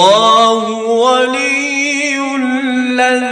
والله ولي الذي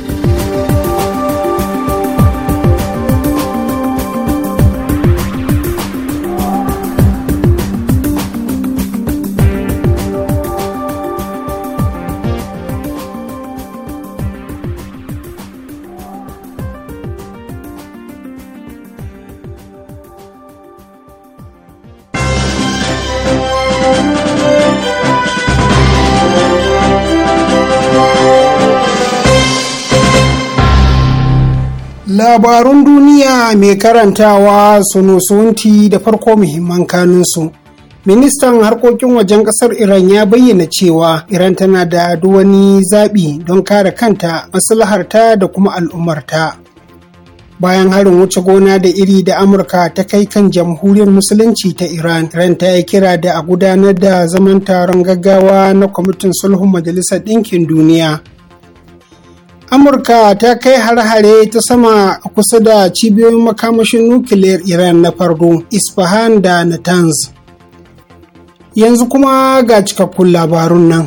labarun duniya mai karantawa su sunusunti da farko muhimman kanunsu. Ministan harkokin wajen kasar Iran ya bayyana cewa Iran tana da wani zaɓi don kare kanta, maslaharta da kuma al'ummarta. Bayan harin wuce gona da iri da Amurka ta kai kan jamhuriyar Musulunci ta Iran, Iran ta yi kira da a gudanar da zaman taron gaggawa na Kwamitin Sulhun Majalisar Ɗinkin Duniya amurka ta kai har-hare ta sama kusa da cibiyoyin makamashin nukiliyar iran na farko isfahan da natanz yanzu kuma ga cikakkun labarun nan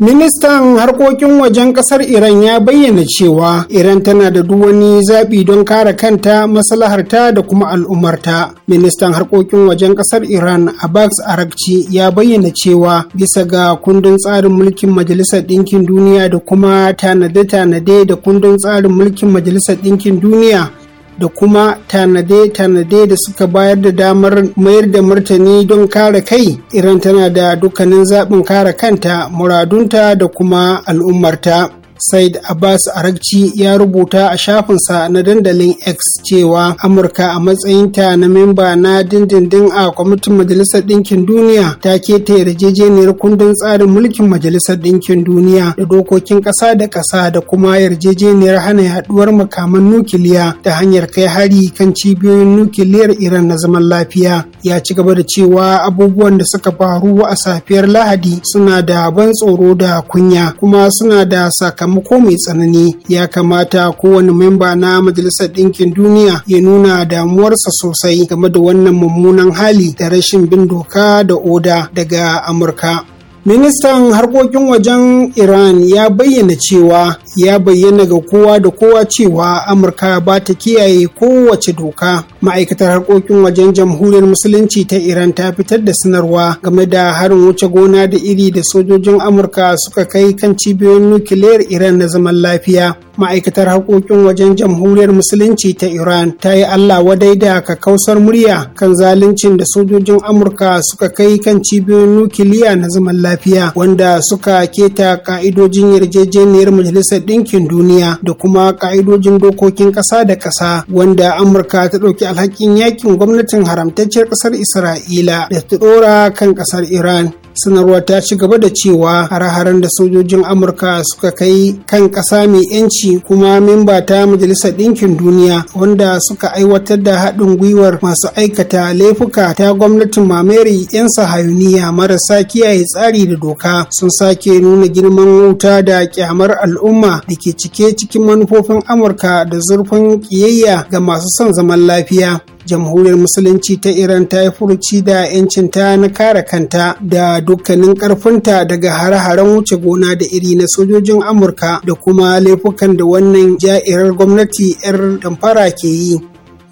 Ministan harkokin wajen kasar Iran ya bayyana cewa Iran tana da duk wani zaɓi don kare kanta, maslaharta da kuma al'ummarta. Ministan harkokin wajen kasar Iran Abbas Arakci ya bayyana cewa bisa ga kundin tsarin mulkin Majalisar Ɗinkin Duniya da kuma tanade-tanade da kundin tsarin mulkin Majalisar Ɗinkin Duniya da kuma tanade-tanade da suka bayar da damar mayar da martani don kare kai iran tana da dukkanin zaɓin kare kanta muradunta da kuma al'ummarta Said Abbas Arakci ya rubuta a shafinsa na dandalin X cewa Amurka a matsayinta na memba na dindindin a kwamitin Majalisar Ɗinkin Duniya ta keta yarjejeniyar kundin tsarin mulkin Majalisar Ɗinkin Duniya da dokokin ƙasa da ƙasa da kuma yarjejeniyar hana yaduwar makaman nukiliya ta hanyar kai hari kan cibiyoyin nukiliyar Iran na zaman lafiya. Ya ci gaba da cewa abubuwan da suka faru a safiyar Lahadi suna da ban tsoro da kunya kuma suna da sakamako sakamako mai tsanani ya kamata kowane memba na majalisar ɗinkin duniya ya nuna damuwarsa sosai game da wannan mummunan hali da rashin bin doka da oda daga amurka ministan harkokin wajen iran ya bayyana cewa ya bayyana ga kowa da kowa cewa amurka ba ta kiyaye kowace doka ma'aikatar harkokin wajen jamhuriyar musulunci ta iran ta fitar da sanarwa game da harin wuce gona da iri da sojojin amurka suka kai kan cibiyoyin nukiliyar iran na zaman lafiya ma'aikatar harkokin wajen jamhuriyar musulunci ta iran ta yi allah wadai da kakausar murya kan zaluncin da sojojin amurka suka kai kan cibiyoyin nukiliya na zaman lafiya lafiya wanda suka keta ka'idojin yarjejeniyar majalisar ɗinkin duniya da kuma ka'idojin dokokin ƙasa da ƙasa wanda amurka ta ɗauki alhakin yakin gwamnatin haramtacciyar ƙasar isra'ila da ta ɗora kan ƙasar iran sanarwar ta ci gaba da cewa har-haren da sojojin amurka suka kai kan ƙasa mai yanci kuma memba ta majalisar ɗinkin duniya wanda suka aiwatar da haɗin gwiwar masu aikata laifuka ta gwamnatin mameri 'yan sahayuniya marasa kiyaye tsari da doka sun sake nuna girman wuta da ƙyamar al'umma da ke cike cikin manufofin amurka da zurfin ƙiyayya ga masu son zaman lafiya jamhuriyar musulunci ta iran ta yi furuci da 'yancinta na kare kanta da dukkanin karfinta daga hare-haren wuce gona da iri na sojojin amurka da kuma laifukan da wannan ja'irar gwamnati 'yar damfara ke yi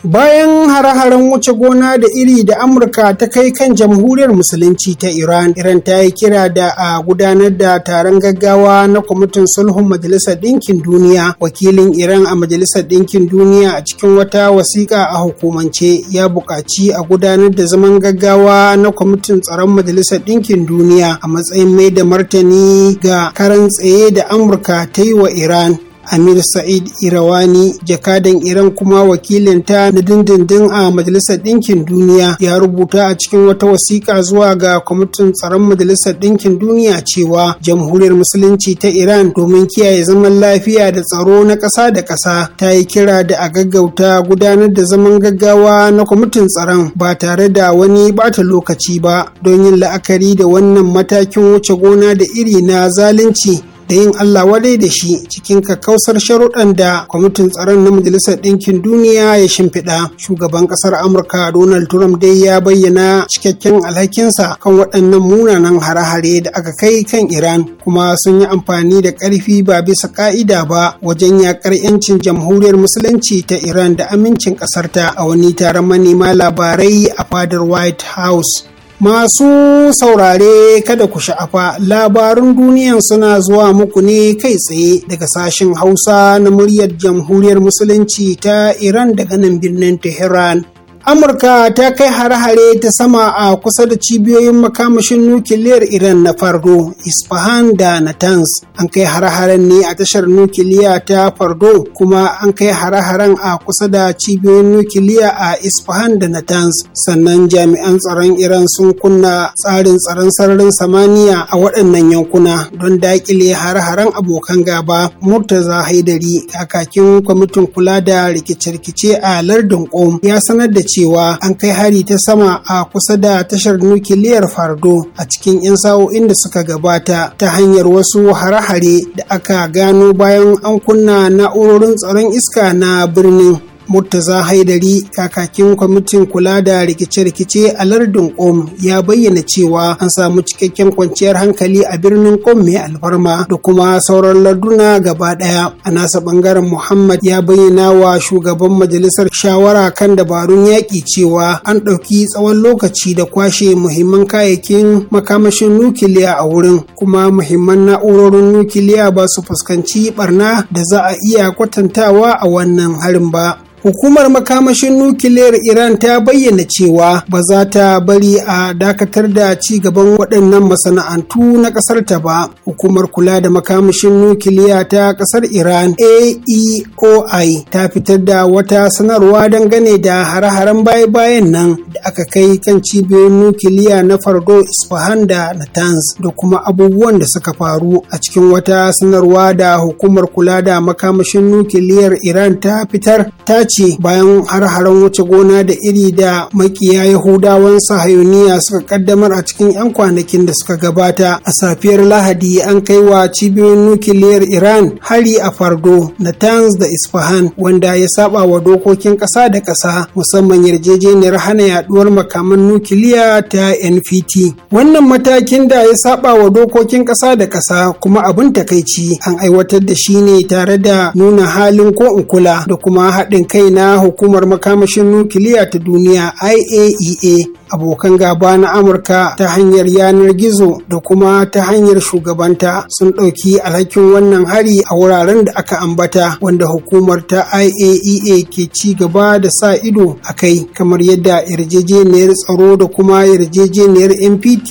Bayan hare-haren wuce gona da iri da Amurka ta kai kan jamhuriyar Musulunci ta Iran, Iran ta yi kira da a gudanar da taron gaggawa na kwamitin sulhun Majalisar Ɗinkin Duniya. Wakilin Iran a Majalisar Ɗinkin Duniya a cikin wata wasiƙa a hukumance ya buƙaci a gudanar da zaman gaggawa na kwamitin tsaron Majalisar Ɗinkin Duniya a matsayin mai da martani ga karan tsaye da Amurka ta yi wa Iran. Amir Sa'id Irawani jakadan Iran kuma wakilinta na dindindin a Majalisar Ɗinkin Duniya ya rubuta a cikin wata wasiƙa zuwa ga kwamitin tsaron Majalisar Ɗinkin Duniya cewa Jamhuriyar Musulunci ta Iran domin kiyaye zaman lafiya da tsaro na ƙasa da ƙasa ta yi kira da a gaggauta gudanar da zaman gaggawa na kwamitin tsaron ba tare da wani bata lokaci ba don yin la'akari da wannan matakin wuce gona da iri na zalunci da yin Allah wadai da shi cikin kakkausar sharuɗan da kwamitin tsaron na Majalisar Ɗinkin Duniya ya shimfiɗa. Shugaban ƙasar Amurka Donald Trump dai ya bayyana cikakken alhakinsa kan waɗannan munanan hare-hare da aka kai kan Iran kuma sun yi amfani da ƙarfi ba bisa ƙa'ida ba wajen yaƙar 'yancin jamhuriyar musulunci ta Iran da amincin ƙasarta a wani taron manema labarai a fadar White House. Masu saurare kada ku sha'afa labarun duniyan suna zuwa muku ne kai tsaye daga sashen Hausa na muryar Jamhuriyar Musulunci ta Iran daga nan birnin Tehran. amurka ta kai hare-hare ta sama a kusa da cibiyoyin makamashin nukiliyar iran na fardo isfahan da natanz an kai hare-haren ne a tashar nukiliya ta fardo kuma an kai hare-haren a kusa da cibiyoyin nukiliya a isfahan da natanz sannan jami'an tsaron iran sun kunna tsarin tsaron sararin samaniya a waɗannan yankuna don daƙile hare-haren abokan gaba murtaza haidari kakakin kwamitin kula da rikice-rikice a lardin ya sanar da cewa an kai hari ta sama a kusa da tashar nukiliyar fardo a cikin 'yan sa'o'in da suka gabata ta hanyar wasu hare-hare da aka gano bayan an kunna na'urorin tsaron iska na birnin Murtaza Haidari kakakin kwamitin kula da rikice-rikice a lardin Qom ya bayyana cewa an samu cikakken kwanciyar hankali a birnin Qom mai alfarma da kuma sauran larduna gaba daya. A nasa bangaren Muhammad ya bayyana wa shugaban majalisar shawara kan dabarun yaƙi cewa an ɗauki tsawon lokaci da kwashe muhimman kayayyakin makamashin nukiliya a wurin kuma muhimman na'urorin nukiliya ba su fuskanci barna da za a iya kwatantawa a wannan harin ba. Hukumar makamashin nukiliyar Iran ta bayyana cewa ba za ta bari a dakatar da ci gaban waɗannan masana'antu na ƙasar ta ba. Hukumar kula da makamashin nukiliya ta ƙasar Iran AEOI ta fitar da wata sanarwa dangane da hare-haren baya-bayan nan da aka kai kan cibiyoyin nukiliya na Fardo Isfahan da Natanz da kuma abubuwan da suka faru a cikin wata sanarwa da hukumar kula da makamashin nukiliyar Iran ta fitar ta ce bayan har-haren wuce gona da iri da makiya yahudawan sahayuniya suka kaddamar a cikin 'yan kwanakin da suka gabata a safiyar lahadi an kai wa cibiyoyin nukiliyar iran hari a fardo na natanz da isfahan wanda ya saba wa dokokin ƙasa da ƙasa musamman yarjejeniyar hana yaduwar makaman nukiliya ta nft wannan matakin da ya saba wa dokokin ƙasa da ƙasa kuma abin takaici an aiwatar da shi ne tare da nuna halin ko in kula da kuma haɗin kai kai na hukumar makamashin nukiliya ta duniya iaea e abokan gaba na amurka ta hanyar yanar gizo da kuma ta hanyar shugabanta sun ɗauki alhakin wannan hari a wuraren da aka ambata wanda hukumar ta iaea e ke ci gaba da sa ido a kai kamar yadda yarjejeniyar tsaro da kuma yarjejeniyar npt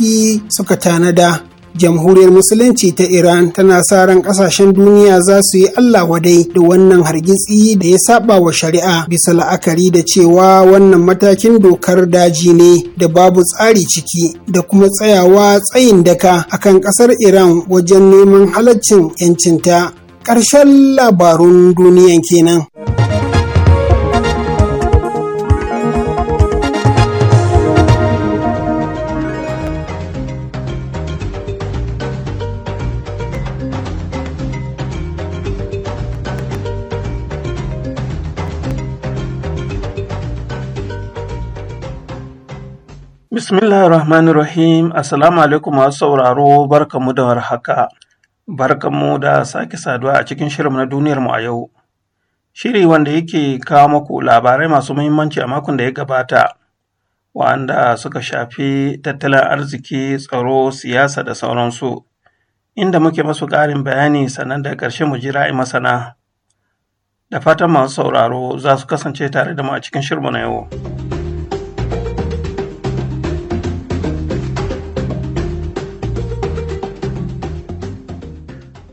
suka tanada jamhuriyar musulunci ta iran tana sa ran kasashen duniya za su yi allah wadai da wannan hargitsi da ya saba wa shari'a bisa la'akari da cewa wannan matakin dokar daji ne da babu tsari ciki da kuma tsayawa tsayin daka akan kasar iran wajen neman halaccin 'yancinta Karshen labarun duniyan kenan. Bismillahir Rahmanir Rahim, Assalamu alaikum masu sauraro barkamu da warhaka. Barkamu da sake saduwa a cikin shirin na duniyar mu a yau. Shiri wanda yake kawo muku labarai masu muhimmanci a makon da ya gabata, wanda suka shafi tattalin arziki, tsaro, siyasa da sauransu. Inda muke masu ƙarin bayani sannan da ƙarshe mu jira masana. Da fatan masu sauraro za su kasance tare da mu a cikin shirin na yau.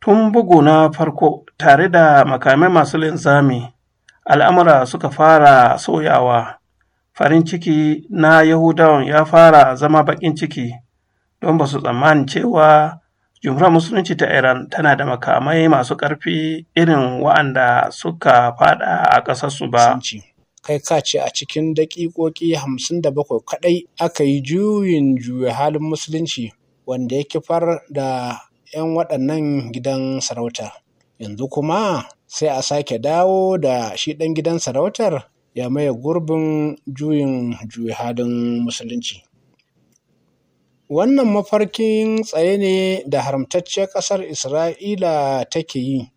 Tun bugu na farko tare da makamai masu linzami, al'amura suka fara soyawa, farin ciki na Yahudawan ya fara zama baƙin ciki, don ba su tsammani cewa jumhuriyar musulunci ta Iran tana da makamai masu ƙarfi irin wa'anda suka faɗa a ƙasarsu ba. kai ka ce a cikin daƙiƙoƙi hamsin da bakwai kaɗai aka yi juyin juya halin musulunci wanda ya kifar da 'yan waɗannan gidan sarauta. Yanzu kuma sai a sake dawo da shi ɗan gidan sarautar ya maye gurbin juyin juyi halin musulunci. Wannan mafarkin tsaye ne da haramtaccen ƙasar Isra'ila take yi,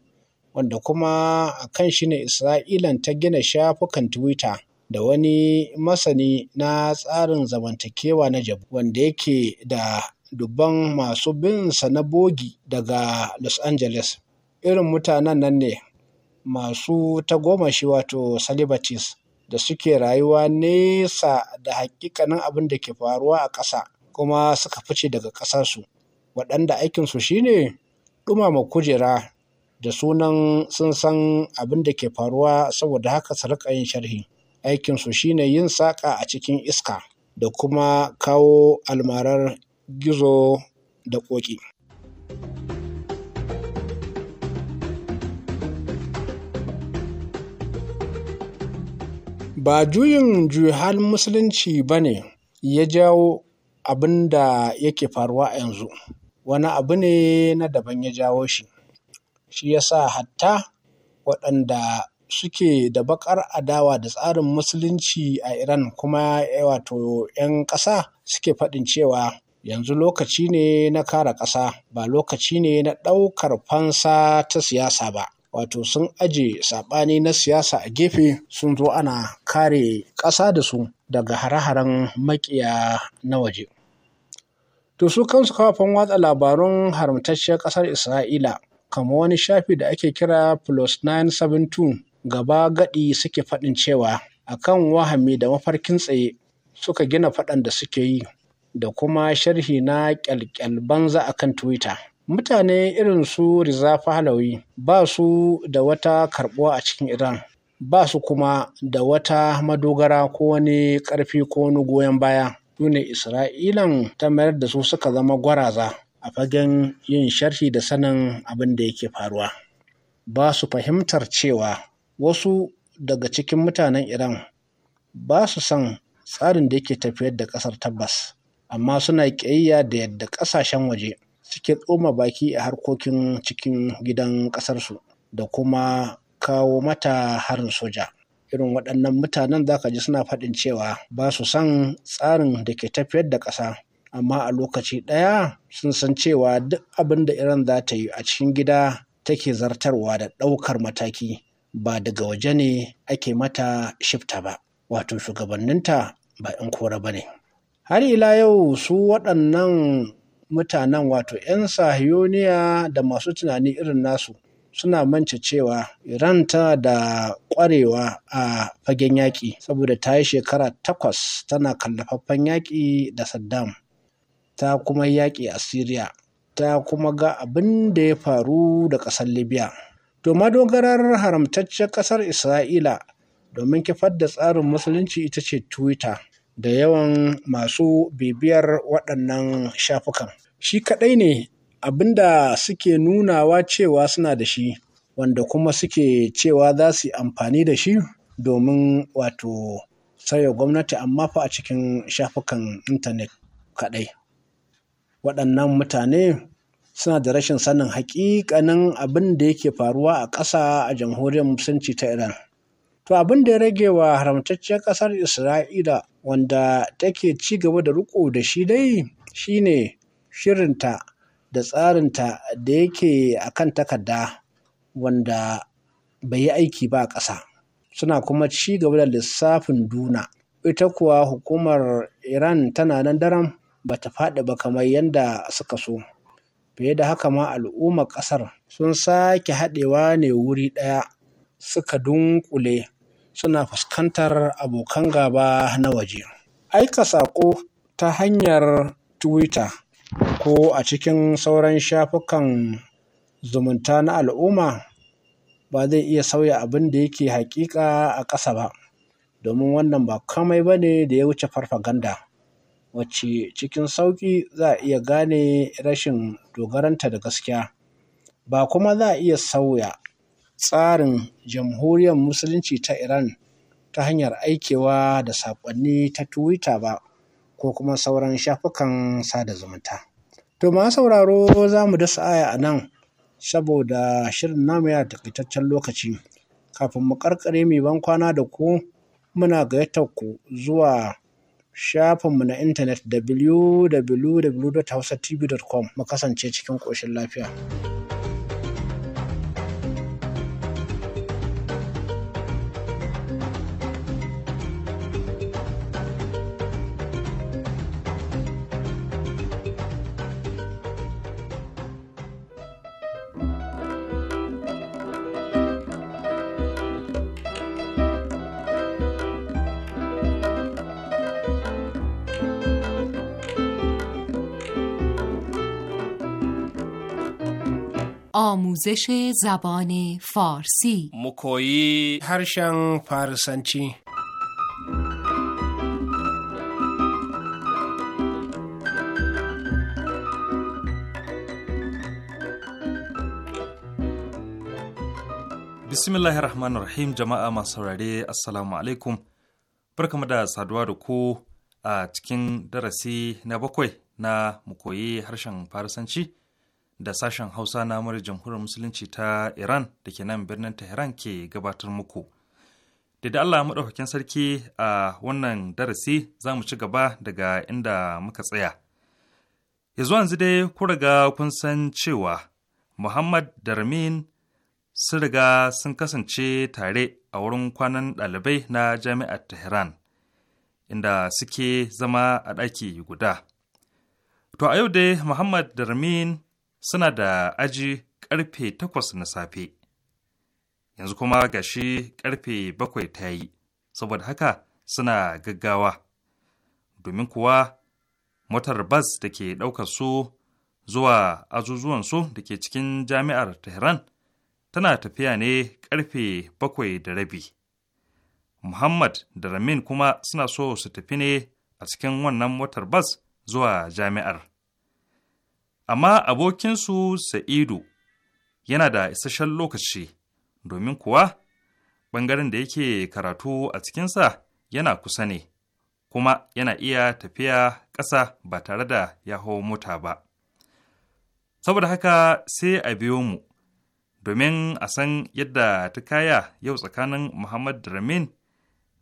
wanda kuma a kan shi ne Isra'ilan ta gina shafukan Twitter da wani masani na tsarin zamantakewa na Jabu, wanda yake da dubban masu bin sa na bogi daga Los Angeles. Irin mutanen nan ne masu tagomashi wato celebrities da suke rayuwa nesa da hakikanin abin da ke faruwa a ƙasa kuma suka fice daga ƙasarsu waɗanda aikinsu shine ɗumama kujera da sunan sun san abin da ke faruwa saboda haka su riƙa yin sharhi aikinsu shine yin saƙa a cikin iska da kuma kawo almarar gizo da ƙoƙi. Ba juyin juya halin Musulunci ba ne ya jawo abin da yake faruwa a yanzu, wani abu ne na daban ya jawo shi, shi ya sa hatta waɗanda suke da baƙar adawa da tsarin Musulunci a Iran kuma eh, wato ‘yan ƙasa suke faɗin cewa yanzu lokaci ne na kare ƙasa ba lokaci ne na ɗaukar fansa ta siyasa ba wato sun aje saɓani na siyasa a gefe sun zo ana kare ƙasa da su daga hare-haren makiya na waje to su kansu kafafen watsa labarun haramtacciyar ƙasar isra'ila kama wani shafi da ake kira plus 972 gaba gadi suke faɗin cewa akan wahami da mafarkin tsaye suka gina faɗan da suke yi da kuma sharhi na kyalkyal banza a kan Twitter. Mutane irin su Riza Fahalawi ba su da wata karɓuwa a cikin Iran, ba su kuma da wata madogara ko wani ƙarfi ko wani goyon baya. Sune Isra'ilan ta mayar da su suka zama gwaraza a fagen yin sharhi da sanin abin da yake faruwa. Ba su fahimtar cewa wasu daga cikin mutanen Iran ba su son tsarin da yake tafiyar da ƙasar tabbas. amma suna ƙiyayya da yadda ƙasashen waje suke tsoma baki a harkokin cikin gidan ƙasarsu da kuma kawo mata harin soja. Irin waɗannan mutanen za ka ji suna faɗin cewa ba su son tsarin da ke tafiyar da ƙasa, amma a lokaci ɗaya sun san cewa duk abin da Iran za ta yi a cikin gida take zartarwa da ɗaukar mataki ba daga waje ne ake mata shifta ba, wato shugabanninta ba in kore ba ne. har ila yau su waɗannan mutanen wato 'yan sahiyoniya da masu tunani irin nasu suna mance cewa iran tana da ƙwarewa a fagen yaƙi saboda ta yi shekara takwas tana kallafaffen yaƙi da saddam ta kuma yaƙi a syria ta kuma ga abin da ya faru da ƙasar libya to madogarar haramtaccen ƙasar isra'ila domin kifar da tsarin musulunci ita ce twitter da yawan masu bibiyar waɗannan shafukan. Shi kaɗai ne abin da suke nunawa cewa suna da shi, wanda kuma suke cewa za su yi amfani da shi domin wato sauya gwamnati amma fa a cikin shafukan intanet kaɗai. Waɗannan mutane suna da rashin sanin haƙiƙanin abin da yake faruwa a ƙasa a jamhuriyar musulunci ta Iran. To abin da ya rage wa haramtacciyar ƙasar Isra'ila wanda take ci gaba da riƙo da shi dai shine shirinta da tsarinta da yake a kan takarda wanda bai yi aiki ba a ƙasa. Suna kuma ci gaba da lissafin duna. Ita kuwa hukumar Iran tana nan daram ba ta faɗi ba kamar yadda suka so. Fiye da haka ma al'ummar ƙasar sun sake haɗewa ne wuri ɗaya suka dunƙule. suna fuskantar abokan gaba na waje. Aika saƙo ta hanyar Twitter ko a cikin sauran shafukan zumunta na al'umma ba zai iya sauya abin da yake haƙiƙa a ƙasa ba, domin wannan ba kamai ba ne da ya wuce farfaganda, wacce cikin sauƙi za a iya gane rashin dogaranta da gaskiya, ba kuma za a iya sauya tsarin Jamhuriyar Musulunci ta Iran ta hanyar aikewa da saƙonni ta Twitter ba ko kuma sauran shafukan sada zumunta. To ma sauraro za mu dasa aya a nan saboda shirin namu ya takaitaccen lokaci. Kafin mu karkare mai ban kwana da ku muna gayyatar ku zuwa shafinmu na intanet www.hausatv.com mu kasance cikin ƙoshin lafiya. آموزش زبان فارسی مکویی هرشن فارسنچی Bismillahir Rahmanir Rahim jama'a masu saurare alaikum. Barkamu da saduwa da ku a cikin darasi na bakwai na mukoyi harshen Farisanci da sashen Hausa na mara Jamhuriyar Musulunci ta Iran da ke nan birnin Tehran ke gabatar muku. Da Allah maɗaukakin sarki a wannan darasi za mu ci gaba daga inda muka tsaya. Yanzu yanzu dai ku riga kun san cewa Muhammad da Ramin sun riga sun kasance tare a wurin kwanan ɗalibai na Jami'ar Tehran, inda suke zama a ɗaki guda. To a yau dai Muhammad da Ramin suna da aji ƙarfe takwas na safe. Yanzu kuma gashi ƙarfe bakwai ta yi, saboda haka suna gaggawa. Domin kuwa motar bas da ke ɗaukar su zuwa azuzuwansu da ke cikin jami'ar Tehran tana tafiya ne ƙarfe bakwai da rabi. Muhammad da Ramin kuma suna so su tafi ne a cikin wannan motar bas zuwa jami'ar. amma abokinsu Sa'idu yana da isasshen lokaci, domin kuwa ɓangaren da yake karatu a cikinsa yana kusa ne, kuma yana iya tafiya ƙasa ba tare da ya hau mota ba. Saboda haka sai a biyo mu, domin a san yadda ta kaya yau tsakanin Muhammad dramin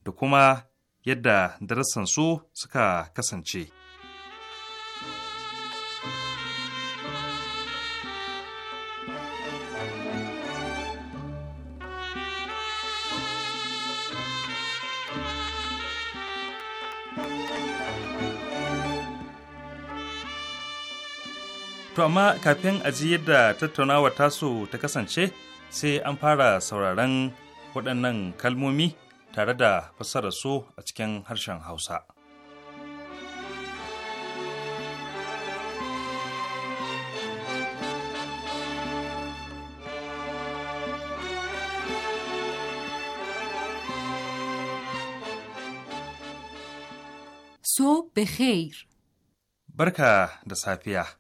da kuma yadda darasansu suka kasance. To amma kafin a ji yadda tattaunawa tasu ta kasance sai an fara sauraron waɗannan kalmomi tare da fassara su a cikin harshen Hausa. So, barka da safiya.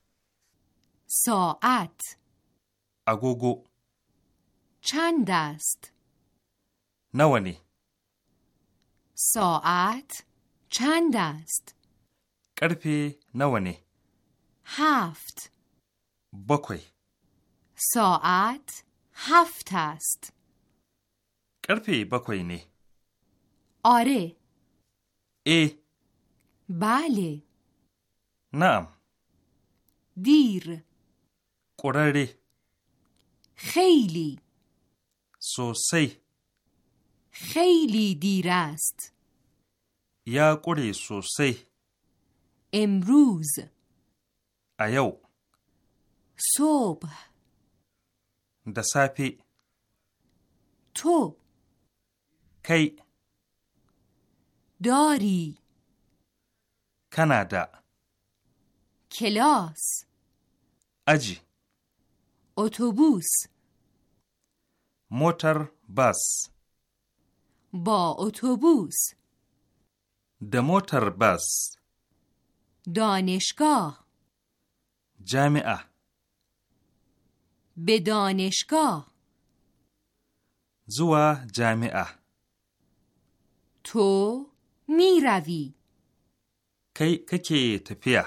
ساعت اگوگو چند است؟ نوانی ساعت چند است؟ کرپی نوانی هفت بکوی ساعت هفت است کرپی بکوی نی آره ای بله نام دیر قراره خیلی سوسی خیلی دیر است یا قره سوسی امروز ایو صبح دسافی تو کی داری کانادا کلاس اجی اتوبوس موتر بس با اتوبوس د موتر بس دانشگاه جامعه به دانشگاه زوا جامعه تو می روی کی کی تپیه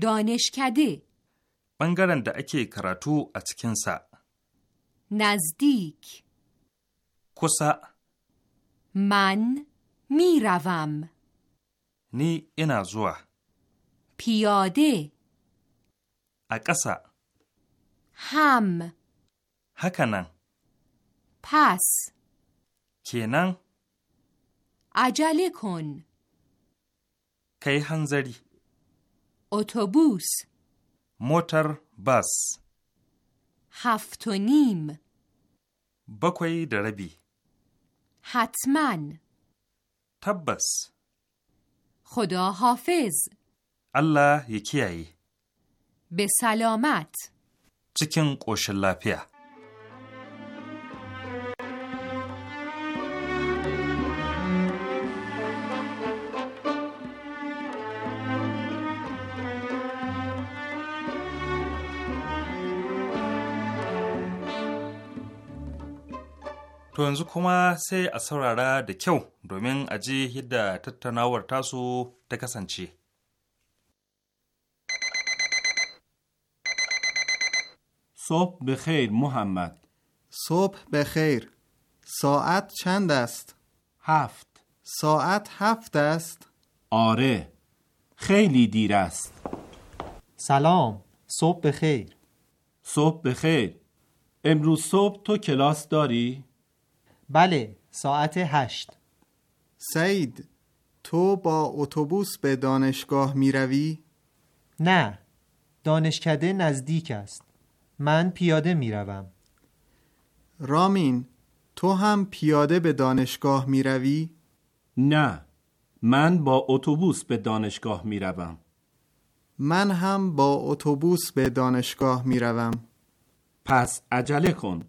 دانشکده ɓangaren da ake karatu a cikinsa. nazdik kusa Man. miravam Ni ina zuwa پیاده a ƙasa ham hakanan pas kenan Ajalekon kai hanzari otobus موتر بس هفت و نیم بکوی دربی حتما تبس خدا حافظ الله یکیایی به سلامت چکن قوش لپیه To yanzu kuma sai a saurara da kyau domin a ji yadda tattaunawar tasu ta صبح بخیر محمد صبح بخیر ساعت چند است؟ هفت ساعت هفت است؟ آره خیلی دیر است سلام صبح بخیر صبح بخیر امروز صبح تو کلاس داری؟ بله ساعت هشت سعید تو با اتوبوس به دانشگاه می روی؟ نه دانشکده نزدیک است من پیاده می روم رامین تو هم پیاده به دانشگاه می روی؟ نه من با اتوبوس به دانشگاه می روم من هم با اتوبوس به دانشگاه می روم پس عجله کن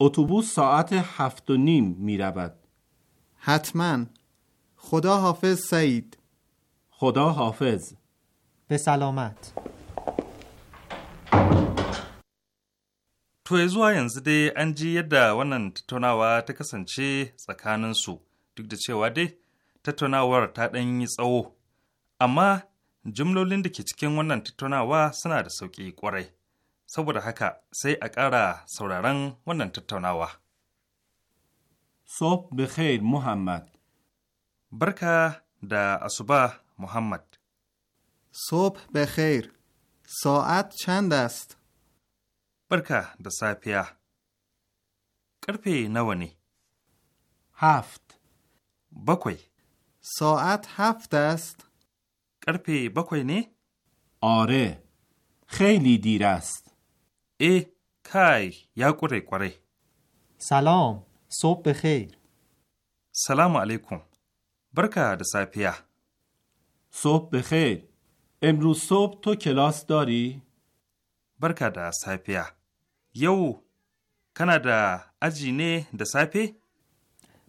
اتوبوس ساعت هفت و نیم می رود. حتما خدا حافظ سعید خدا حافظ به سلامت To zuwa yanzu dai an ji yadda wannan tattaunawa ta kasance tsakaninsu duk da cewa dai tattaunawar ta ɗan yi tsawo, amma jumlolin da ke cikin wannan tattaunawa suna da sauƙi ƙwarai. saboda haka sai a ƙara sauraron wannan tattaunawa. Sof Bikhair Muhammad Barka da asuba Muhammad. Sof Bikhair, sa’ad chand ast? Barka da safiya. Ƙarfe nawa ne? Haft. Bakwai. Sa’ad haft ast? Ƙarfe bakwai ne? Are, خیلی دیر است. ای کای یا کره گره؟ سلام صبح بخیر سلام علیکم برکه د سایپیا صبح بخیر امروز صبح تو کلاس داری؟ برکه د سایپیا یو کنا دا اجی نه د سایپی؟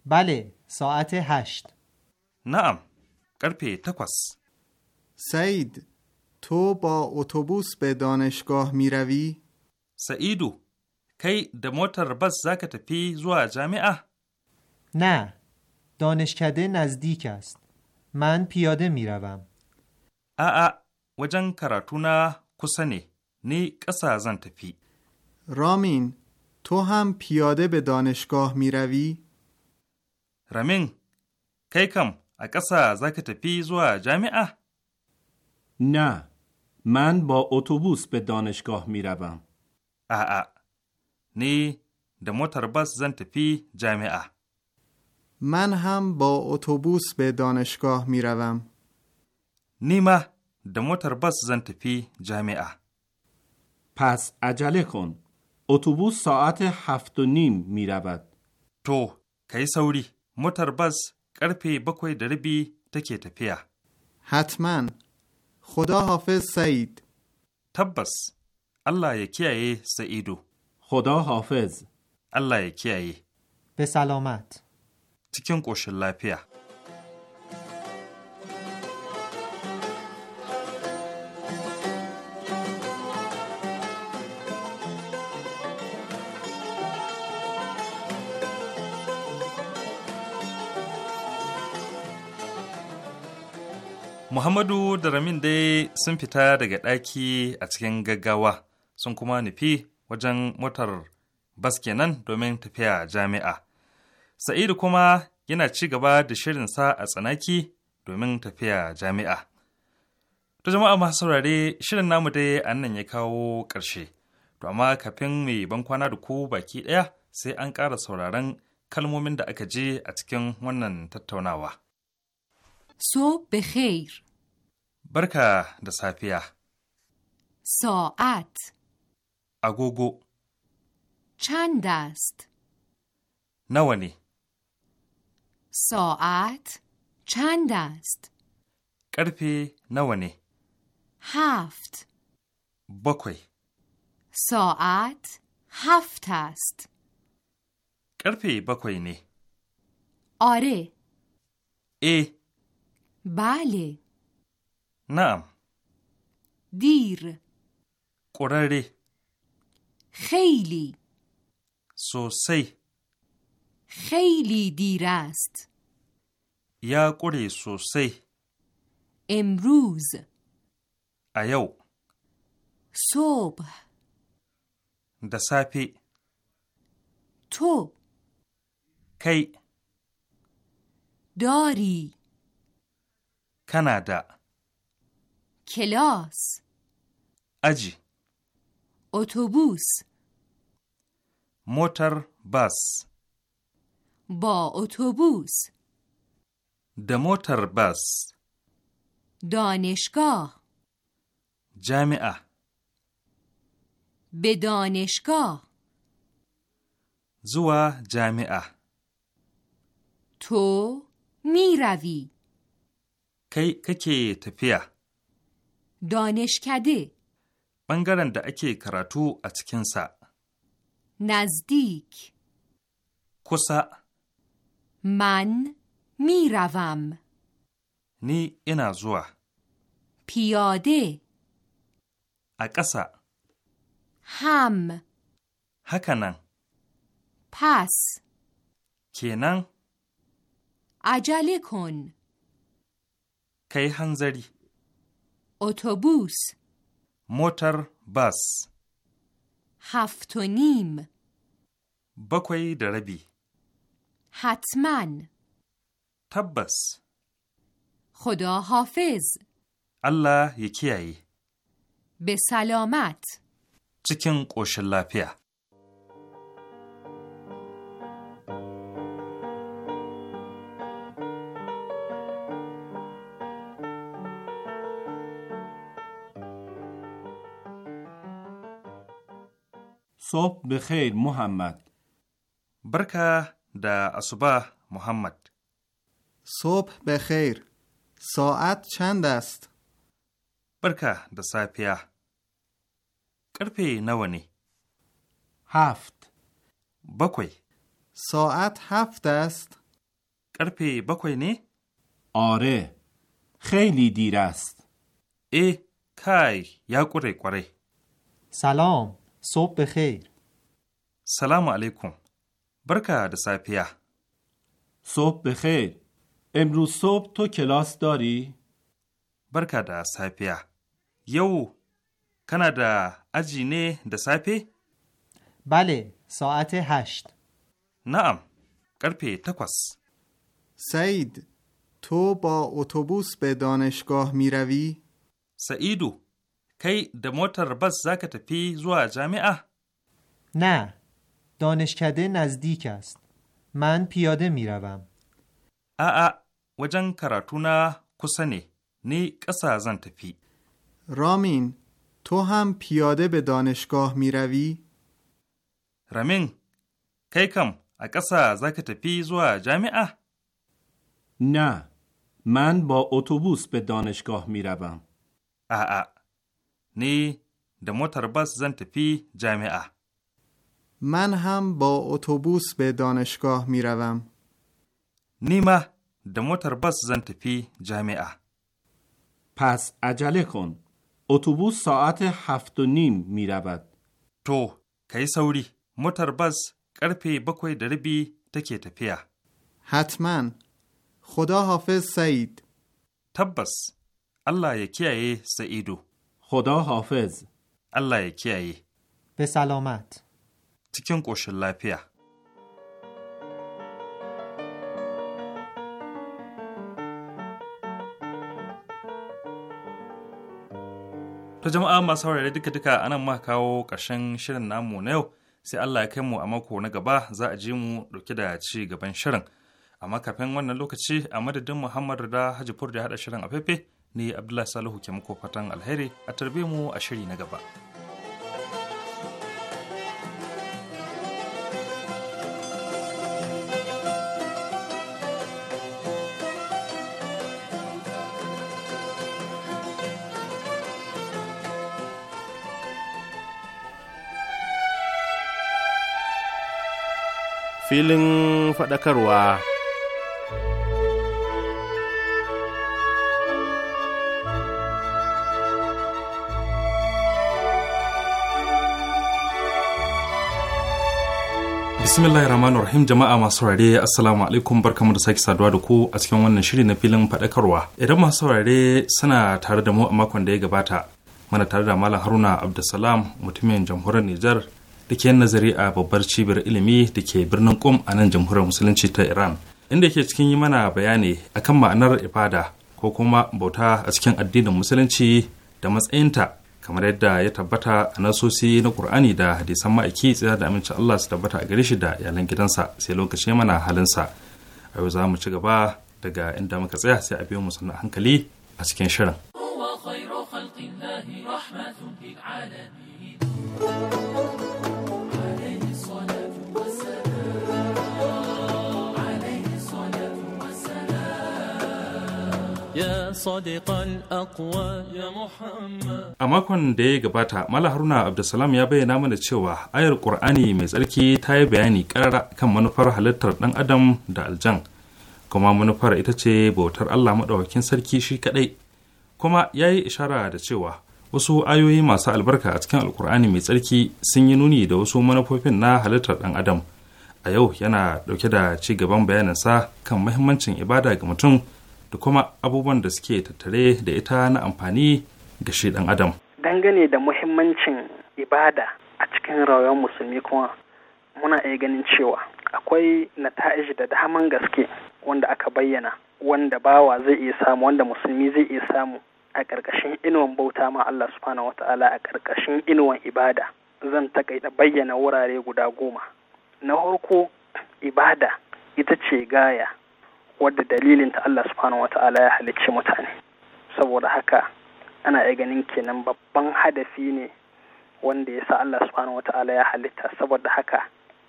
بله ساعت هشت نعم قرپی تکوس سعید تو با اتوبوس به دانشگاه می روی؟ سعیدو کی د موتر بس زکه تفی زوا جامعه نه دانشکده نزدیک است من پیاده میروم اا وجن کراتونا کسنه نی قسا زان تفی رامین تو هم پیاده به دانشگاه میروی رامین کی کم ا قسا پی تفی زوا جامعه نه من با اتوبوس به دانشگاه میروم آ نی د motar زن zan tafi من هم با اتوبوس به دانشگاه می روم. نیما د موتر بس زن تفی جامعه. پس عجله کن. اتوبوس ساعت هفت و نیم می رود. تو کی سوری موتر بس کرپی بکوی دربی تکی تفیه. حتما. خدا حافظ سعید. تبس. Allah ya kiyaye Sa'idu. Khoda hafiz. Allah ya kiyaye. Be salamat. Cikin ƙoshin lafiya. Muhammadu da Ramin dai sun fita daga ɗaki a cikin gaggawa sun kuma nufi wajen motar bas kenan domin tafiya jami'a. Sa'idu kuma yana ci gaba da shirinsa a tsanaki domin tafiya jami'a. To jama'a masu saurare shirin namu dai a nan ya kawo ƙarshe. To amma kafin mai ban kwana da ku baki ɗaya sai an ƙara sauraron kalmomin da aka je a cikin wannan tattaunawa. So Barka da safiya. Sa'at. agogo چند است نوانی ساعت چند است کرپی نوانی هفت بکوی ساعت هفت است کرپی بکوی نی آره ای بله نام دیر قراره خیلی سوسی خیلی دیر است یا قلی سوسی امروز ایو صبح دسافی تو کی داری کانادا کلاس اجی اتوبوس موتر بس با اتوبوس د موتر بس دانشگاه جامعه به دانشگاه زوا جامعه تو می روی کی ککی تپیه دانشکده بنگرن da ake karatu a cikinsa. نزدیک کسا من میروم نی اینا زوا پیاده اکسا هم هکنن پس کنن عجله کن کی هنزری اتوبوس موتر بس هفت و نیم بکوی دربی حتما تبس خدا حافظ الله یکیایی به سلامت چکن قوش لپیه صبح بخیر محمد برکه دا صبح محمد صبح بخیر ساعت چند است؟ برکه دا سایپیه کرپی نوانی هفت بکوی ساعت هفت است؟ کرپی بکوی نی؟ آره خیلی دیر است ای کای یا کوره گره سلام صبح بخیر سلام علیکم برکه د سایپیا صبح بخیر امروز صبح تو کلاس داری؟ برکه د سایپیا یو کنا دا اجی د بله ساعت هشت نعم قرپی تکوس سعید تو با اتوبوس به دانشگاه می روی؟ سعیدو کی د موتر بس زاک تفی زوا جامعه نه دانشکده نزدیک است من پیاده میروم ا وجن کراتونا کسنه نی قسا زان تفی رامین تو هم پیاده به دانشگاه میروی رامین کی کم ا قسا زاک تفی زوا جامعه نه من با اتوبوس به دانشگاه میروم ا نی د موتر بس زن تفی جامعه من هم با اتوبوس به دانشگاه می روم. نیمه د موتر بس زن تفی جامعه پس عجله کن. اتوبوس ساعت هفت و نیم می رود. تو کی سوری موتر بس کرپی بکوی دربی تکی تپیه. حتما خدا حافظ سعید تبس الله یکیه سعیدو خدا حافظ الله ya kiyaye. به سلامت cikin ƙoshin lafiya ta jama'a masu haurare duka duka ana ma kawo ƙarshen shirin namu na yau sai Allah ya kai mu a mako na gaba za a ji mu ɗauki da ci gaban shirin amma kafin wannan lokaci a madadin muhammadu da Hajifur da haɗa shirin a fefe ne abdullahi salihu ke muku fatan alheri a tarbe mu a shiri na gaba. filin faɗakarwa Bismillahirrahmanirrahim Rahim jama'a masu saurare Assalamu alaikum barkamu da sake saduwa da ku a cikin wannan shiri na filin faɗakarwa. Idan masu saurare suna tare da mu a makon da ya gabata, mana tare da Malam Haruna Abdulsalam mutumin jamhuriyar Nijar da ke nazari a babbar cibiyar ilimi da ke birnin Qum a nan jamhuriyar Musulunci ta Iran. Inda ke cikin yi mana bayani akan ma'anar ibada ko kuma bauta a cikin addinin Musulunci da matsayinta kamar yadda ya tabbata a nasosi na Kur'ani da hadisan ma'aiki tsira da amincin Allah su tabbata a gare shi da yalan gidansa sai lokaci mana halinsa. A yau za mu ci gaba daga inda muka tsaya sai a biyo mu sannan hankali a cikin shirin. Thank you. a makon da ya gabata mala haruna abdulsalam ya bayyana mana cewa ayar kur'ani mai tsarki ta yi bayani karara kan manufar halittar dan adam da aljan kuma manufar ita ce bautar allah maɗaukakin sarki shi kaɗai kuma ya yi ishara da cewa wasu ayoyi masu albarka a cikin alkur'ani mai tsarki sun yi nuni da wasu manufofin na halittar ɗan adam a yau yana ɗauke da ci gaban bayaninsa kan mahimmancin ibada ga mutum da kuma abubuwan da suke tattare da ita na amfani ga shi dan adam. Dangane da muhimmancin ibada a cikin rayuwar musulmi kuma muna iya ganin cewa akwai nata'ij da daman gaske wanda aka bayyana wanda bawa zai iya samu wanda musulmi zai iya samu a ƙarƙashin inuwan bauta ma Allah subhanahu wa a ƙarƙashin inuwan ibada zan takaita bayyana wurare guda goma na farko ibada ita ce gaya wadda dalilin ta Allah subhanahu wata'ala ya halicci mutane saboda haka ana iya ganin kenan babban hadafi ne wanda ya sa Allah subhanahu wata'ala ya halitta saboda haka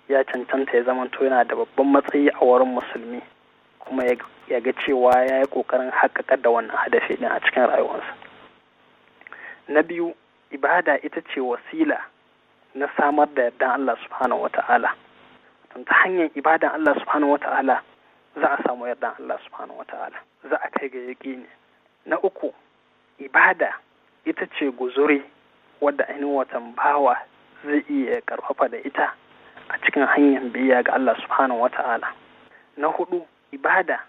ya cancanta ya zamanto yana da babban matsayi a wurin musulmi kuma ya ga cewa ya yi ƙoƙarin haƙaƙa da wannan hadafi ɗin a cikin rayuwarsa. Na biyu, ibada ita ce wasila na samar da yardan Allah subhanahu wata'ala. ta hanyar ibadan Allah subhanahu wata'ala za a samu yardan Allah subhanahu wa ta'ala za a kai ga yaƙini na uku ibada ita ce guzuri wadda ainihin watan bawa zai iya karfafa da ita a cikin hanyar biyya ga Allah subhanahu wa ta'ala na hudu ibada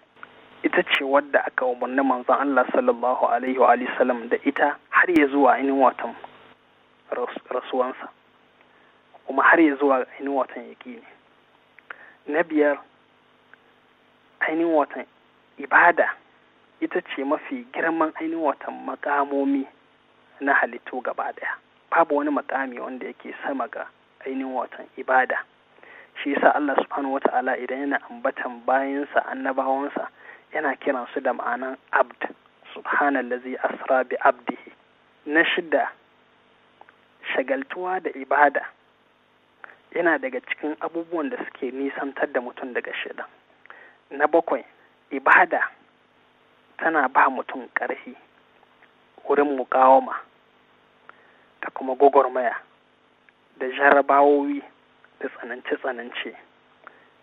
ita ce wadda aka umarni manzon Allah sallallahu alaihi wa sallam da ita har ya zuwa ainihin watan rasuwansa kuma har ya zuwa ainihin watan yaƙini na biyar ainihin watan ibada ita ce mafi girman ainihin watan makamomi na halittu gaba daya babu wani makami wanda yake sama ga ainihin watan ibada shi yasa Allah subhanahu wata'ala idan yana ambatan bayansa annabawansa yana kiran su da ma'anan abd subhanallazi asra bi abdihi na shida shagaltuwa da ibada yana daga cikin abubuwan da suke nisantar da mutum daga shaidan na bakwai ibada tana ba mutum ƙarfi wurin mukawama da kuma gwagwarmaya da jarabawowi da tsanance-tsanance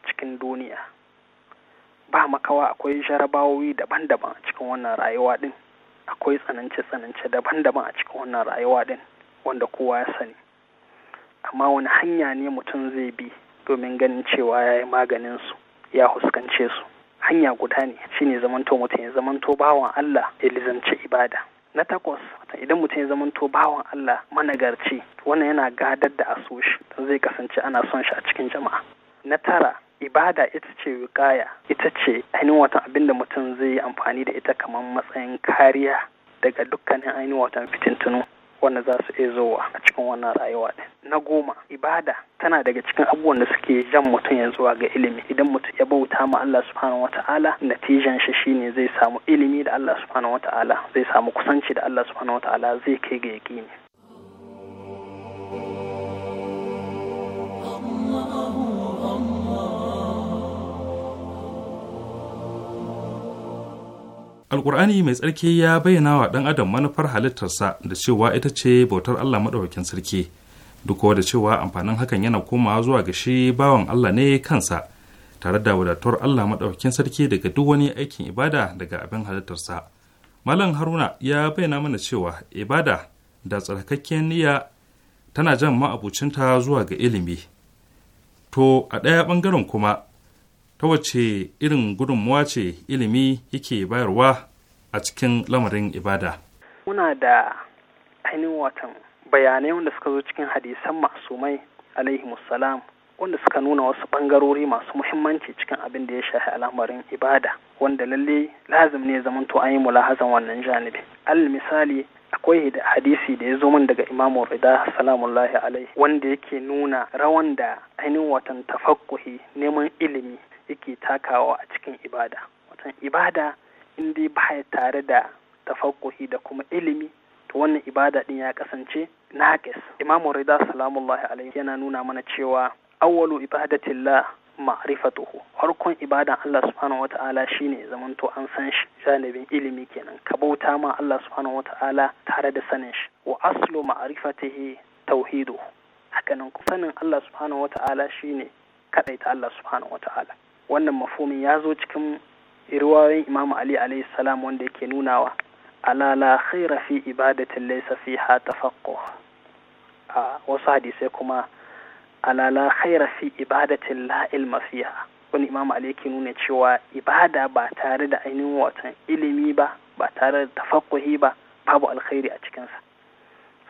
cikin duniya ba makawa akwai jarabawowi daban-daban a cikin wannan rayuwa din akwai tsanance-tsanance daban-daban a cikin wannan rayuwa ɗin, wanda kowa ya sani amma wani hanya ne mutum zai bi domin ganin cewa ya yi maganinsu ya huskance su hanya guda ne shine zamanto mutum ya zamanto bawan Allah ya lizance ibada na takwas idan mutum ya zamanto bawan Allah managarci wannan yana gadar da asoshi don zai kasance ana son shi a cikin jama'a na tara ibada ita ce wikaya ita ce ainihin watan abin da mutum zai yi amfani da ita kamar matsayin kariya daga dukkanin ainihin watan fitintunu wanda za su iya zowa a cikin wannan rayuwa ɗin. Na goma, ibada tana daga cikin abubuwan da suke jan mutum ya zuwa ga ilimi. Idan mutum ya bauta ma Allah subhanahu wata'ala, natijan shi ne zai samu ilimi da Allah subhanahu wata'ala, zai samu kusanci da Allah subhanahu wata'ala zai kai ga yaƙini. alkur'ani mai tsarki ya bayyana wa ɗan adam manufar halittarsa da cewa ita ce bautar allah maɗaukakin sarki duk da cewa amfanin hakan yana komawa zuwa ga shi bawan allah ne kansa tare da wadatuwar allah maɗaukakin sarki daga duk wani aikin ibada daga abin halittarsa malam haruna ya bayyana mana cewa ibada da tsarkakken niyya tana jan ma'abucinta zuwa ga ilimi to a ɗaya ɓangaren kuma ta wace irin gudunmuwa ce ilimi yake bayarwa a cikin lamarin ibada muna da ainihin watan bayanai wanda suka zo cikin hadisan masumai alaihi musalam wanda suka nuna wasu bangarori masu muhimmanci cikin abin da ya shafi al'amarin ibada wanda lalle lazim ne zaman to an yi mulahazan wannan janibi al misali akwai da hadisi da ya zo min daga imamu rida salamullahi alaihi wanda yake nuna rawan da ainihin watan tafakkuhi neman ilimi yake takawa a cikin ibada watan ibada in dai baya tare da tafakkuhi da kuma ilimi to wannan ibada din ya kasance naqis imamu rida salamullahi alaihi yana nuna mana cewa awwalu ibadatillah ma'rifatuhu farkon ibadan Allah subhanahu wata'ala shine zamanto an san shi janibin ilimi kenan ka bauta ma Allah subhanahu wata'ala tare da sanin shi wa aslu ma'rifatihi tauhiduhu hakanan sanin Allah subhanahu wata'ala shine kadaita Allah subhanahu wata'ala wannan mafomin ya zo cikin riwayoyin imamu ali alayhi salam wanda yake nunawa ala la khaira fi ibadatin laysa fiha tafaqquh a wasu hadisai kuma ala la khaira fi ibadatin la ilma fiha wani imamu ali yake nuna cewa ibada ba tare da ainihin watan ilimi ba ba tare da tafaqquhi ba babu alkhairi a cikinsa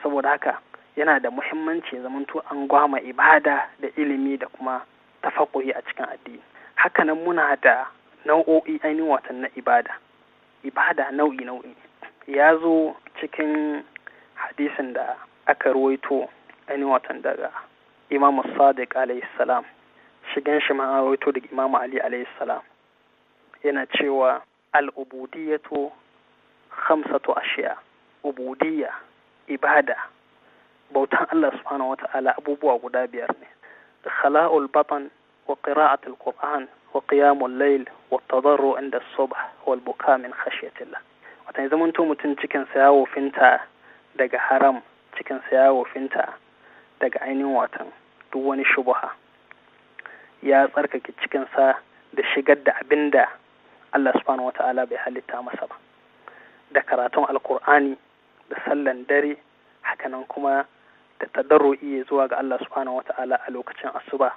saboda haka yana da muhimmanci zamanto an gwama ibada da ilimi da kuma tafaqquhi a cikin addini hakanan muna da nau'o'i ainihin watan na ibada ibada nau'i nau'i ya zo cikin hadisin da aka ruwaito ainihin watan daga imam sadiq salam shigan shi ma ruwaito daga imam ali salam yana cewa al'ubudiyatu khamsatu ashiya ubudiyya ibada bautan Allah subhanahu abubuwa guda biyar ne khala'ul batan وقراءة القرآن وقيام الليل والتضرع عند الصبح والبكاء من خشية الله wata ya zamanto mutum cikinsa ya wofinta daga haram cikinsa ya wofinta daga ainihin watan duk wani shubuha ya tsarkake cikinsa da shigar da abin da Allah subhanahu wa bai halitta masa ba da karatun Alƙur'ani da sallar dare hakanan kuma da iya zuwa ga Allah subhanahu a lokacin asuba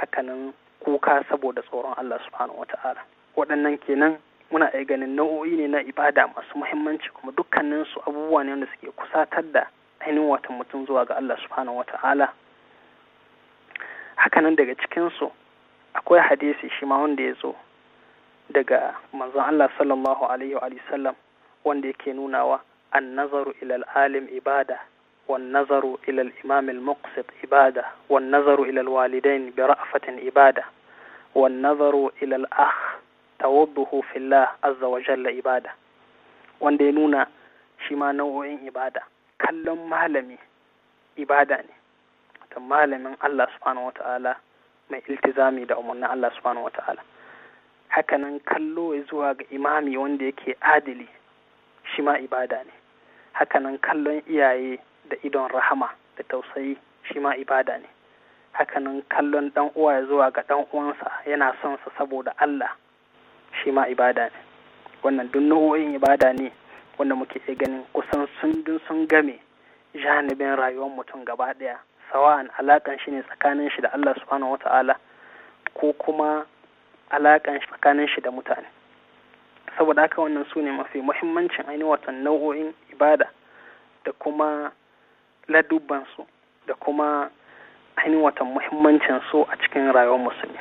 hakanan kuka saboda tsoron Allah subhanahu wata'ala waɗannan kenan muna iya ganin nau'o'i ne na ibada masu muhimmanci kuma dukkanin su abubuwa ne wanda suke kusatar da ainihin watan mutum zuwa ga Allah subhanahu wata'ala hakanan daga cikin su akwai hadisi shi ma wanda ya zo daga manzon Allah sallallahu alaihi wa sallam wanda yake nunawa an nazaru ilal alim ibada والنظر إلى الإمام المقصد إبادة والنظر إلى الوالدين برأفة إبادة والنظر إلى الأخ توضه في الله عز وجل إبادة واندينونا شما نوعين إبادة كلم مهلمي إبادة من الله سبحانه وتعالى ما التزامي دعمنا الله سبحانه وتعالى haka nan إزواج إمامي ga imami شما yake adali shi إياي da idon rahama da tausayi shi ma ibada ne hakanan kallon dan uwa zuwa ga ɗan uwansa yana son sa saboda Allah shi ma ibada ne wannan duk nau'o'in ibada ne wanda muke iya ganin kusan sun dun sun game janibin rayuwar mutum gaba ɗaya sawa'an alakan shi ne tsakanin shi da Allah subhanahu wata'ala ko kuma alakan shi tsakanin shi da mutane saboda haka wannan su ne mafi muhimmancin ainihin watan nau'o'in ibada da kuma ladubbansu da kuma ainihin watan muhimmancin su a cikin rayuwar musulmi.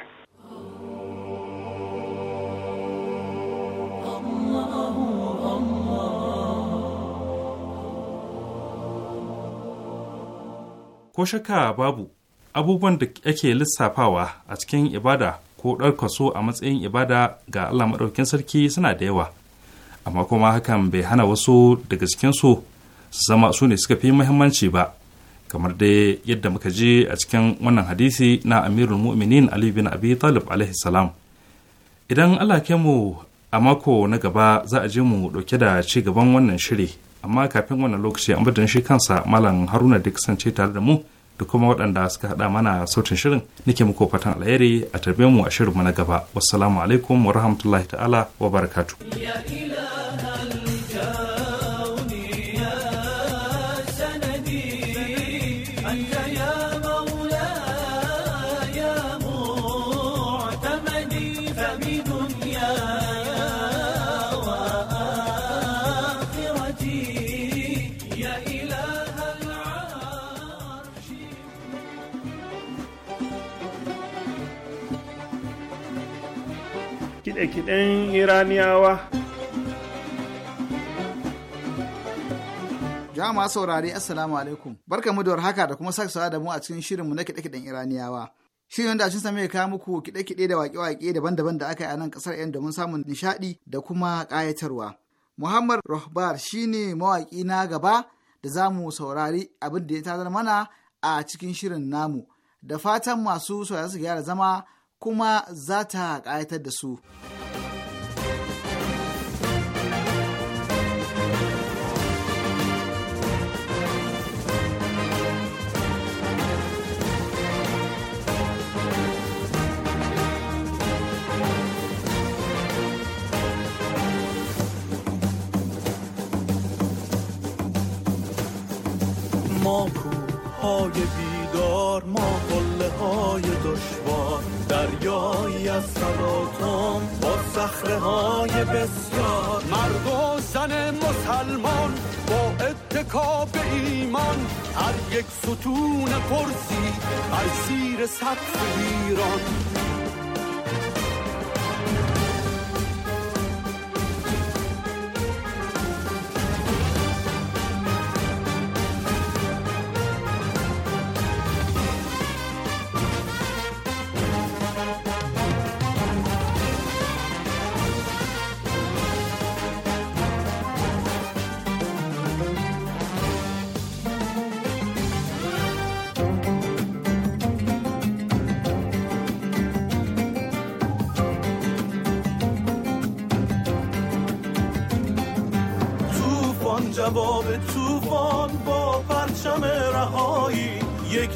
Ko shakka babu abubuwan da ake lissafawa a cikin ibada ko ɗauka so a matsayin ibada ga Allah maɗaukin sarki suna da yawa, amma kuma hakan bai hana wasu daga cikinsu su zama su ne suka fi muhimmanci ba kamar dai yadda muka je a cikin wannan hadisi na amirul mu'minin ali bin abi talib alaihi idan allah ke mu a mako na gaba za a je mu ɗauke da ci gaban wannan shiri amma kafin wannan lokaci an bada shi kansa malam haruna da kasance tare da mu da kuma waɗanda suka haɗa mana sautin shirin nake muku fatan alheri a tarbe mu a shirin mu na gaba wassalamu alaikum wa rahmatullahi ta'ala wa barakatu. kiɗe-kiɗen iraniyawa jama'a saurari assalamu alaikum barka mu da haka da kuma sake da mu a cikin shirinmu na kiɗe-kiɗen iraniyawa shirin wanda cin sami kawo muku kiɗe-kiɗe da waƙe-waƙe daban-daban da aka yi a nan ƙasar yan domin samun nishaɗi da kuma ƙayatarwa muhammad rohbar shine mawaƙi na gaba da za mu saurari abin da ya tazar mana a cikin shirin namu da fatan masu saurari su gyara zama kuma za ta ƙayatar da su. ما کوههای بیدار ما سخره های بسیار مرد و زن مسلمان با اتکاب ایمان هر یک ستون پرسی بر زیر سقف ایران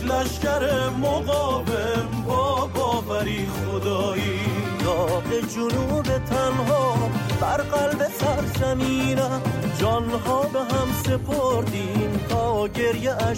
لشکر مقاوم با باوری خدایی داغ جنوب تنها بر قلب سرزمینم جانها به هم سپردیم تا گریه اش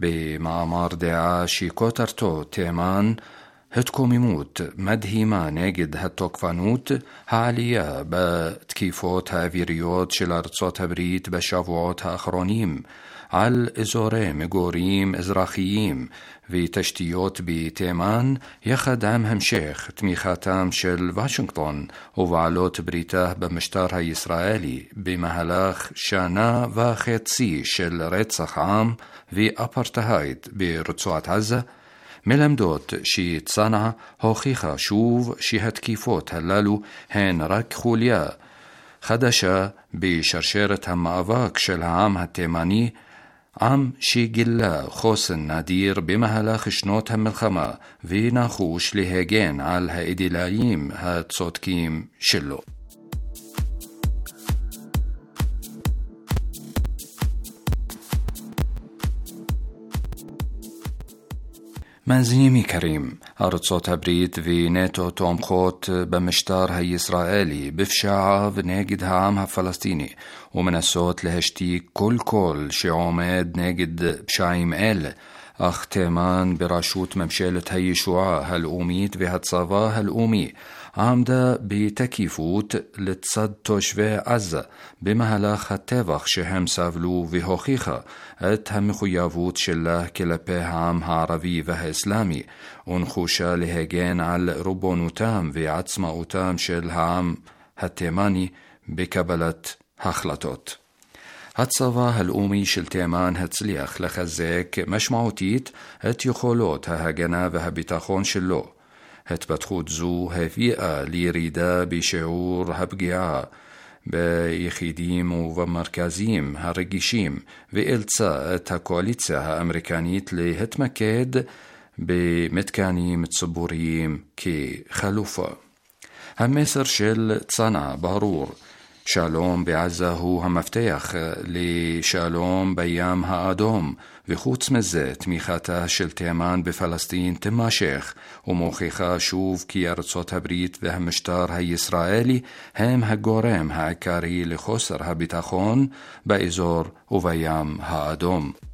بمعمار داعش كوترتو تيمان هتكو ميموت مدهيمانة قد هتوك فانوت هاليا بتكيفوت هافيريوت شلارتسوت هبريت بشافوت هاخرونيم על אזורי מגורים אזרחיים ותשתיות בתימן, יחד עם המשך תמיכתם של וושינגטון ובעלות בריתה במשטר הישראלי במהלך שנה וחצי של רצח עם ואפרטהייד ברצועת עזה, מלמדות שצנעא הוכיחה שוב שהתקיפות הללו הן רק חוליה חדשה בשרשרת המאבק של העם התימני עם שגילה חוסן אדיר במהלך שנות המלחמה ונחוש להגן על האדילאים הצודקים שלו. מאזינים יקרים, ארצות הברית ונטו תומכות במשטר הישראלי בפשעיו נגד העם הפלסטיני ומנסות להשתיק כל קול שעומד נגד פשעים אלה, אך תימן בראשות ממשלת הישועה הלאומית והצבא הלאומי עמדה בתקיפות לצד תושבי עזה במהלך הטבח שהם סבלו והוכיחה את המחויבות שלה כלפי העם הערבי והאסלאמי ונחושה להגן על ריבונותם ועצמאותם של העם התימני בקבלת החלטות. הצבא הלאומי של תימן הצליח לחזק משמעותית את יכולות ההגנה והביטחון שלו. התפתחות זו הביאה לירידה בשיעור הפגיעה ביחידים ובמרכזים הרגישים ואילצה את הקואליציה האמריקנית להתמקד במתקנים ציבוריים כחלופה. המסר של צנע ברור שלום בעזה הוא המפתח לשלום בים האדום, וחוץ מזה, תמיכתה של תימן בפלסטין תימשך, ומוכיחה שוב כי ארצות הברית והמשטר הישראלי הם הגורם העיקרי לחוסר הביטחון באזור ובים האדום.